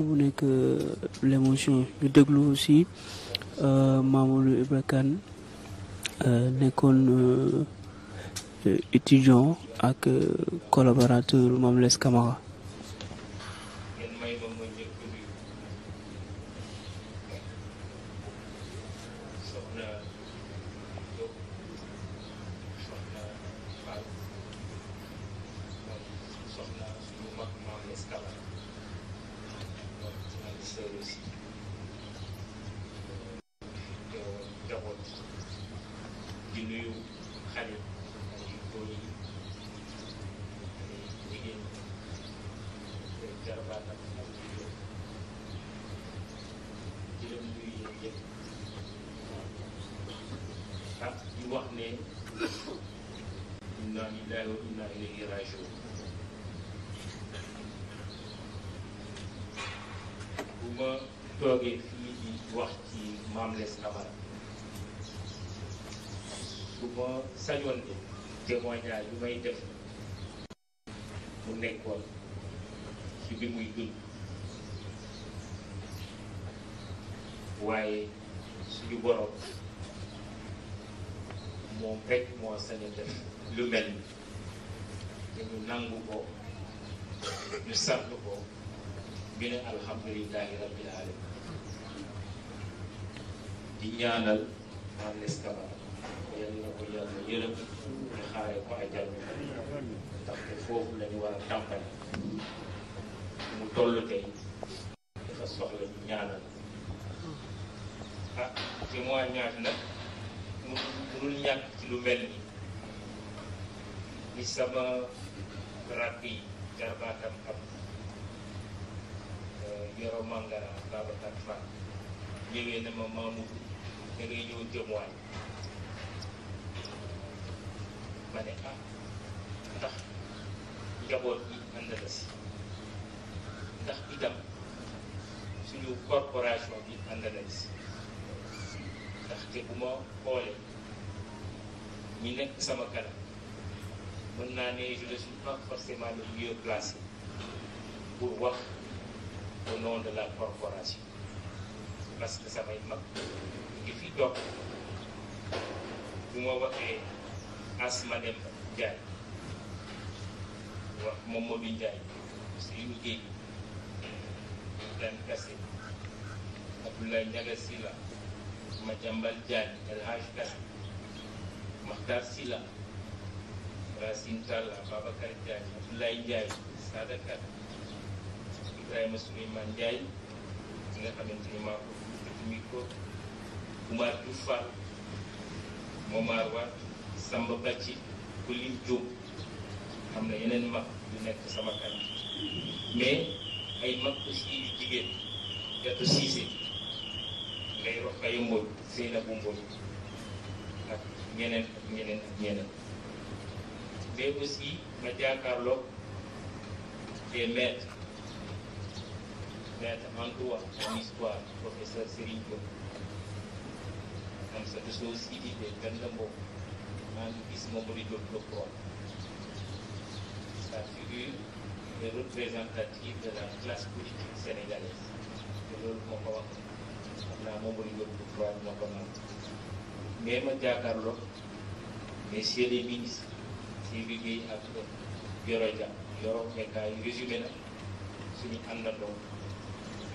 mu nekk euh, l'émotion ñu déglu aussi euh, Mamadou Ibra Kane euh, nekkoon étudiant ak collaborateur Mame Less Camara di nuyu xale yi góor yi jigéen ak jigéen di leen nuyu yéen yëpp ah di wax ne inna lillahi wa inna bu ma toogee fii di wax ci Mame Less Camara bu ma sañoon ni témoignage bi may def mu nekkoon ci bi muy dund waaye suñu borom moom rekk moo sañ def lu mel ni dañu nangu ko ñu sant ko bi ne alhamdulillahi rabbil alamin di ñaanal Maam Less Camara yal na ko yàlla yërëm te xaare ko ajal ndaxte foofu lañu war a tàmpale mu toll tey dafa soxla ñu ñaanal ah témoignage nag mënul ñàkk ci lu mel ni ni sama rakk yi jarbaatam am euh, Yoro Mangara Babacar Fall ñëwee na ma Mamadou da ngay ñëw témoigne ma ne ah ndax njaboot yi mën ndax itam suñu corporation bi mën na la bu ma xoolee ñi nekk sama kanam mën naa ne je ne suis pas forcément le mieux placé pour wax au nom de corporation parce samay mag di fi toog bu ma waxee. asma dem jaay wax moom moo duñ jaay si lu géej daan kase Abdoulaye Ndiaga Sylla ma jàmbal jaay El Hadj Kase Makhtar Sylla Racine Talla Babacar Ndiaye Abdoulaye Ndiaye Sadakat Ibrahima Souleymane Ndiaye di nga xamante ni maa ko mi ko Oumar Diouf Fall Momar Wade Samba Bacci ku lim jóg xam na yeneen mag yu nekk sama kanam mais ay mag aussi yu jigéen Jatou Cissé ngay Rokhaya Mbodj Seynabou Mbodj ak ñeneen ak ñeneen ak ñeneen mais aussi ma jàkkaarloo des histoire professeur Serigne am sa aussi di des benn mbokk maa ngi gis Mamadou Diop Decroix la figure représentative de la classe politique sénégalaise te loolu moo ko wax xam naa Mamadou Diop Decroix moo ko naan mais ma jàkkaarloo messieurs les ministres Seydi Gueye ak Yoro Dia Yoro résumé na suñu àndandoo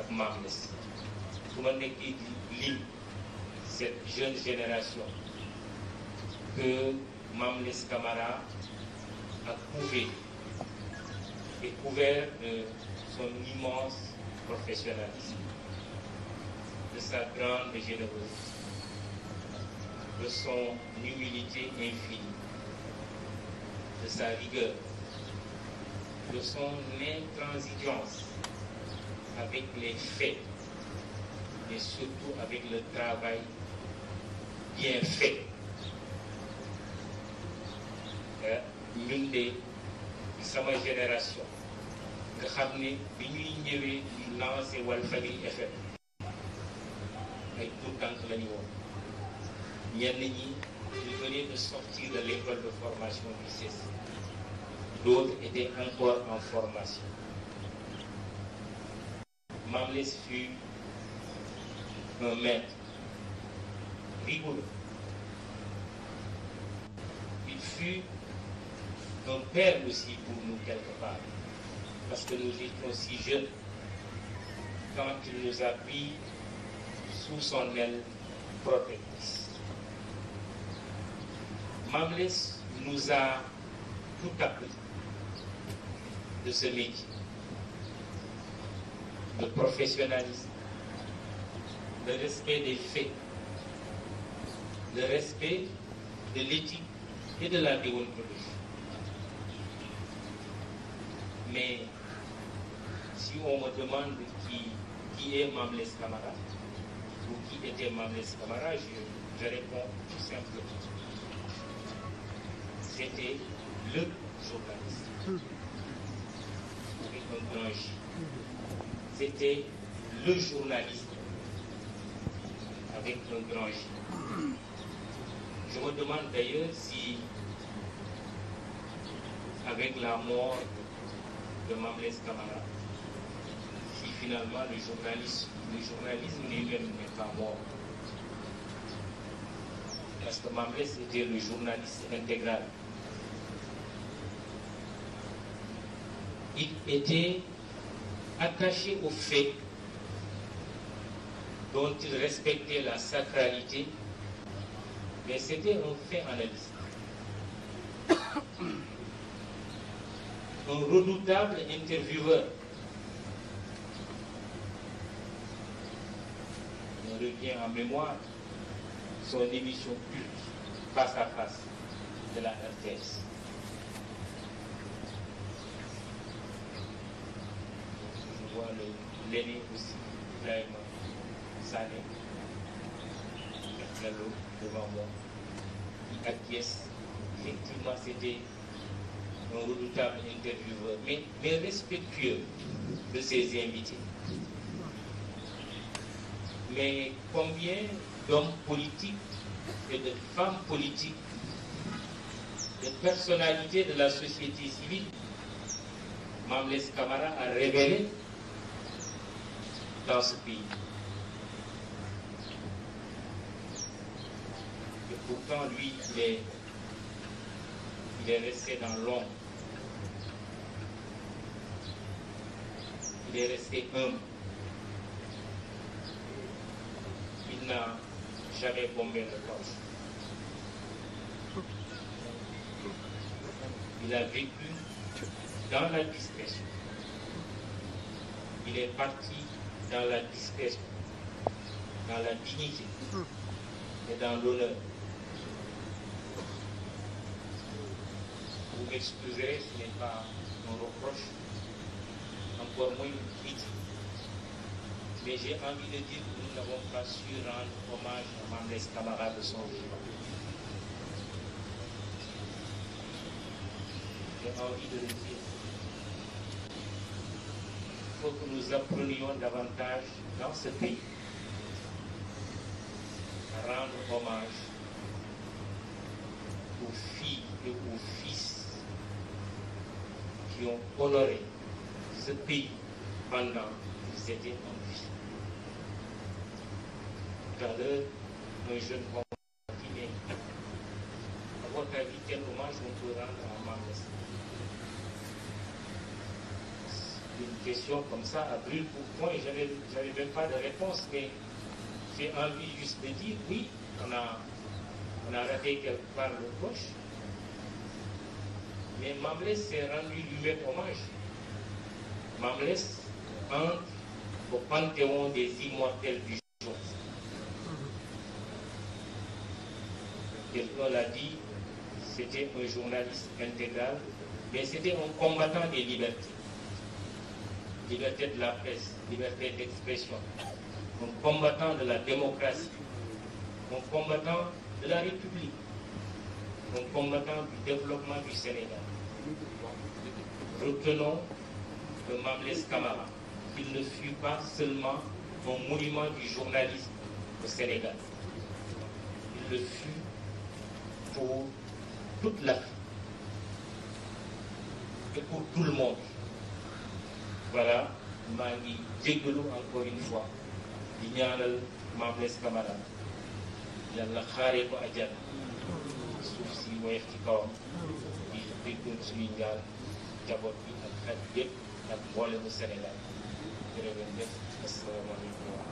ak Mame Less su ma nekkee di lim jeune génération que Mame Less Camara a couvé et couvert de son immense professionnalisme, de sa grande générosité, de son humilité infinie, de sa rigueur, de son intransigeance avec les faits, mais surtout avec le travail bien fait ñun de sama xam ne bi ñuy ñëwee di lancé Walfadjri FM ay tout tànk la ñi ils de sortir de l'école de formation du CES d'autres étaient encore en formation Mame fut un maître rigoureux il fut d'un père aussi pour nous quelque part. Parce que nous étions si jeunes quand il nous a pris sous son aile protectrice. Mamles nous a tout appris de ce métier, de professionnalisme, le respect des faits, le respect de l'éthique et de la déontologie. Mais si on me demande qui, qui est Mamles Camara, ou qui était Mamles Camara, je, je réponds tout simplement. C'était le journaliste. C'était le journaliste avec un grand J. Je me demande d'ailleurs si, avec la mort de Mablès Camara, si finalement le journalisme, n'est pas mort. Parce que Mablès était le journaliste intégral. Il était attaché aux faits dont il respectait la sacralité, mais c'était un fait analyste. un redoutable intervieweur. On revient en mémoire son émission culte face à face de la RTS. Je vois l'aîné aussi, Ibrahim Sané, devant moi, qui acquiesce. Effectivement, c'était un redoutable intervieweur, mais, mais respectueux de ses invités. Mais combien d'hommes politiques et de femmes politiques, de personnalités de la société civile, Mamles Camara a révélé dans ce pays. Et pourtant, lui, il est resté dans l'ombre. Il est resté humble. Il n'a jamais bombé le Il a vécu dans la discrétion. Il est parti dans la discrétion, dans la dignité et dans l'honneur. vous m'excuserez ce n'est pas un reproche, encore moins une Mais j'ai envie de dire que nous n'avons pas su rendre hommage à Mamles Camara de son vivant. J'ai envie de dire. Il faut que nous apprenions davantage dans ce pays rendre hommage aux filles et aux fils qui ont honoré ce pays pendant qu'ils étaient en vie. Dans l'heure, jeune homme qui est à votre avis, quel hommage on peut rendre à Mangas Une question comme ça à pour point, je n'avais même pas de réponse, mais j'ai envie juste de dire oui, on a, on a raté le coche, Mais Mamles s'est rendu lui-même hommage. Mamles au panthéon des immortels du jour. Quelqu'un l'a dit, c'était un journaliste intégral, mais c'était un combattant des libertés. de la presse, liberté d'expression, un combattant de la démocratie, un combattant de la République. un combattant du développement du Sénégal. Retenons de Mamles Camara qu'il ne fut pas seulement un monument du journalisme au Sénégal. Il le fut pour toute l'Afrique et pour tout le monde. Voilà, maa ngi jéggalu encore une fois di ñaanal Mamles Camara yàlla xaaree ko àjjana suuf si woyof ci kawam di déggoon suñuy njaal jaboot bi ak xaj yëpp ak mboolemu Sénégal jërë ngeen jëf asalaamaaleykum